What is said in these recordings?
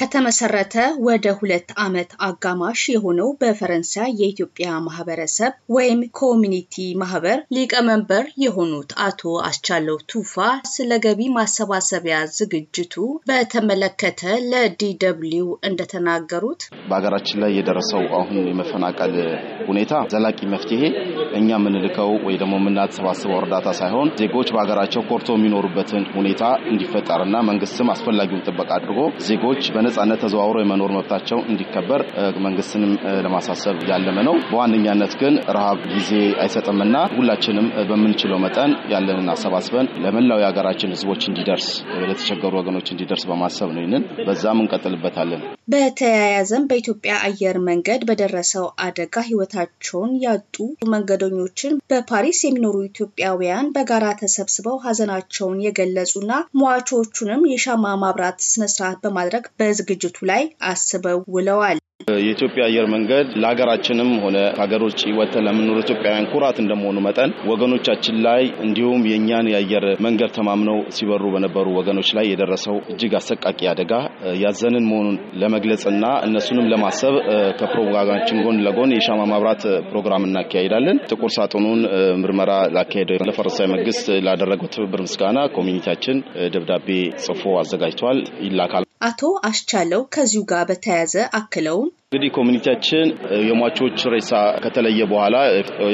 ከተመሰረተ ወደ ሁለት ዓመት አጋማሽ የሆነው በፈረንሳይ የኢትዮጵያ ማህበረሰብ ወይም ኮሚኒቲ ማህበር ሊቀመንበር የሆኑት አቶ አስቻለው ቱፋ ስለ ገቢ ማሰባሰቢያ ዝግጅቱ በተመለከተ ለዲደብሊው እንደተናገሩት በሀገራችን ላይ የደረሰው አሁን የመፈናቀል ሁኔታ ዘላቂ መፍትሄ እኛ የምንልከው ወይ ደግሞ የምናተሰባስበው እርዳታ ሳይሆን ዜጎች በሀገራቸው ኮርቶ የሚኖሩበትን ሁኔታ እንዲፈጠርና መንግስትም አስፈላጊውን ጥበቃ አድርጎ ዜጎች በነጻነት ተዘዋውሮ የመኖር መብታቸው እንዲከበር መንግስትንም ለማሳሰብ ያለመ ነው። በዋነኛነት ግን ረሃብ ጊዜ አይሰጥምና ሁላችንም በምንችለው መጠን ያለንን አሰባስበን ለመላው የሀገራችን ህዝቦች እንዲደርስ ለተቸገሩ ወገኖች እንዲደርስ በማሰብ ነው። ይህንን በዛም እንቀጥልበታለን። በተያያዘም በኢትዮጵያ አየር መንገድ በደረሰው አደጋ ህይወታቸውን ያጡ መንገደኞችን በፓሪስ የሚኖሩ ኢትዮጵያውያን በጋራ ተሰብስበው ሀዘናቸውን የገለጹና ሟቾቹንም የሻማ ማብራት ስነስርዓት በማድረግ በዝግጅቱ ላይ አስበው ውለዋል። የኢትዮጵያ አየር መንገድ ለሀገራችንም ሆነ ከሀገር ውጭ ወጥተን ለምንኖር ኢትዮጵያውያን ኩራት እንደመሆኑ መጠን ወገኖቻችን ላይ እንዲሁም የእኛን የአየር መንገድ ተማምነው ሲበሩ በነበሩ ወገኖች ላይ የደረሰው እጅግ አሰቃቂ አደጋ ያዘንን መሆኑን ለመግለጽና እነሱንም ለማሰብ ከፕሮግራማችን ጎን ለጎን የሻማ ማብራት ፕሮግራም እናካሄዳለን። ጥቁር ሳጥኑን ምርመራ ላካሄደው ለፈረንሳይ መንግስት ላደረገው ትብብር ምስጋና ኮሚኒቲያችን ደብዳቤ ጽፎ አዘጋጅቷል ይላካል። አቶ አስቻለው ከዚሁ ጋር በተያያዘ አክለውም እንግዲህ ኮሚኒቲያችን የሟቾች ሬሳ ከተለየ በኋላ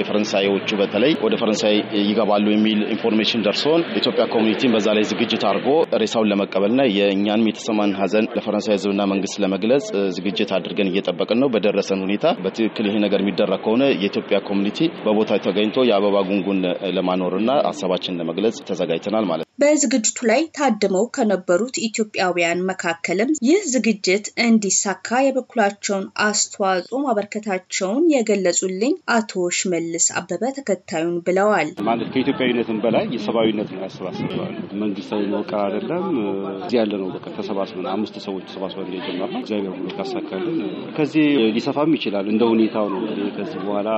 የፈረንሳዮቹ በተለይ ወደ ፈረንሳይ ይገባሉ የሚል ኢንፎርሜሽን ደርሶን የኢትዮጵያ ኮሚኒቲን በዛ ላይ ዝግጅት አድርጎ ሬሳውን ለመቀበልና የእኛንም የተሰማን ሀዘን ለፈረንሳይ ሕዝብና መንግስት ለመግለጽ ዝግጅት አድርገን እየጠበቅን ነው። በደረሰን ሁኔታ በትክክል ይህ ነገር የሚደረግ ከሆነ የኢትዮጵያ ኮሚኒቲ በቦታ ተገኝቶ የአበባ ጉንጉን ለማኖርና ሀሳባችን ለመግለጽ ተዘጋጅተናል ማለት ነው። በዝግጅቱ ላይ ታድመው ከነበሩት ኢትዮጵያውያን መካከልም ይህ ዝግጅት እንዲሳካ የበኩላቸውን አስተዋጽኦ ማበርከታቸውን የገለጹልኝ አቶ ሽመልስ አበበ ተከታዩን ብለዋል። ማለት ከኢትዮጵያዊነትም በላይ የሰብአዊነት ነው ያሰባስበዋል። መንግስታዊ መወቀር አይደለም። እዚህ ያለ ነው በቃ ተሰባስበን አምስት ሰዎች ተሰባስበን የጀመር ነው። እግዚአብሔር ሁሉ ካሳካልን ከዚህ ሊሰፋም ይችላል። እንደ ሁኔታው ነው እንግዲህ። ከዚህ በኋላ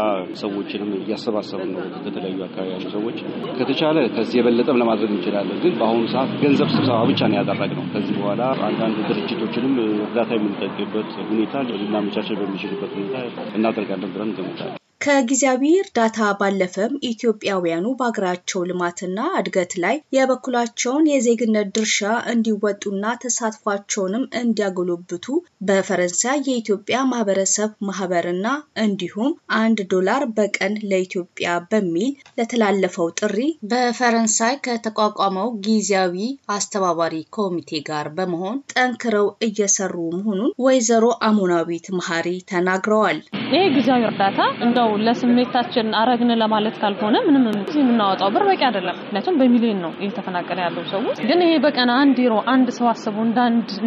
ሰዎችንም እያሰባሰብን ነው። ከተለያዩ አካባቢ ያሉ ሰዎች ከተቻለ ከዚህ የበለጠም ለማድረግ እንችላለን። ግን በአሁኑ ሰዓት ገንዘብ ስብሰባ ብቻ ነው ያደረግነው። ከዚህ በኋላ አንዳንድ ድርጅቶችንም እርዳታ የምንጠቅበት ሁኔታ ማመቻቸት በሚችሉበት ሁኔታ እናደርጋለን ብለን ገምታለን። ከጊዜያዊ እርዳታ ባለፈም ኢትዮጵያውያኑ በሀገራቸው ልማትና እድገት ላይ የበኩላቸውን የዜግነት ድርሻ እንዲወጡና ተሳትፏቸውንም እንዲያጎለብቱ በፈረንሳይ የኢትዮጵያ ማህበረሰብ ማህበርና እንዲሁም አንድ ዶላር በቀን ለኢትዮጵያ በሚል ለተላለፈው ጥሪ በፈረንሳይ ከተቋቋመው ጊዜያዊ አስተባባሪ ኮሚቴ ጋር በመሆን ጠንክረው እየሰሩ መሆኑን ወይዘሮ አሞናዊት መሀሪ ተናግረዋል። ይሄ ጊዜያዊ እርዳታ እንደው ለስሜታችን አረግን ለማለት ካልሆነ ምንም እዚህ የምናወጣው ብር በቂ አይደለም። ምክንያቱም በሚሊዮን ነው እየተፈናቀለ ያለው ሰው። ግን ይሄ በቀን አንድ ሮ አንድ ሰው አስቦ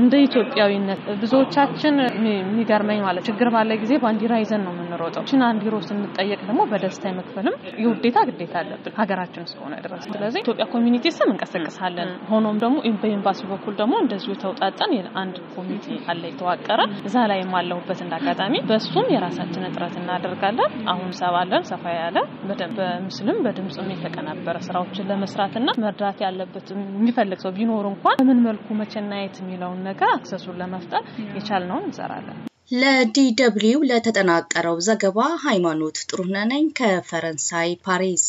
እንደ ኢትዮጵያዊነት ብዙዎቻችን የሚገርመኝ ማለት ችግር ባለ ጊዜ ባንዲራ ይዘን ነው የምንሮጠው። ችን አንድ ሮ ስንጠየቅ ደግሞ በደስታ የመክፈልም የውዴታ ግዴታ አለብን ሀገራችን ስለሆነ ድረስ። ስለዚህ ኢትዮጵያ ኮሚኒቲ ስም እንቀሰቅሳለን። ሆኖም ደግሞ በኤምባሲ በኩል ደግሞ እንደዚሁ ተውጣጣን አንድ ኮሚቲ አለ የተዋቀረ እዛ ላይ የማለሁበት እንዳጋጣሚ በሱም የራሳ የራሳችን ጥረት እናደርጋለን። አሁን ሰባለን ሰፋ ያለ በምስልም በድምፅም የተቀናበረ ስራዎችን ለመስራትና መርዳት ያለበት የሚፈልግ ሰው ቢኖር እንኳን በምን መልኩ መቸናየት የሚለውን ነገር አክሰሱን ለመፍጠር የቻልነውን እንሰራለን። ለዲደብሊው ለተጠናቀረው ዘገባ ሃይማኖት ጥሩነነኝ ከፈረንሳይ ፓሪስ።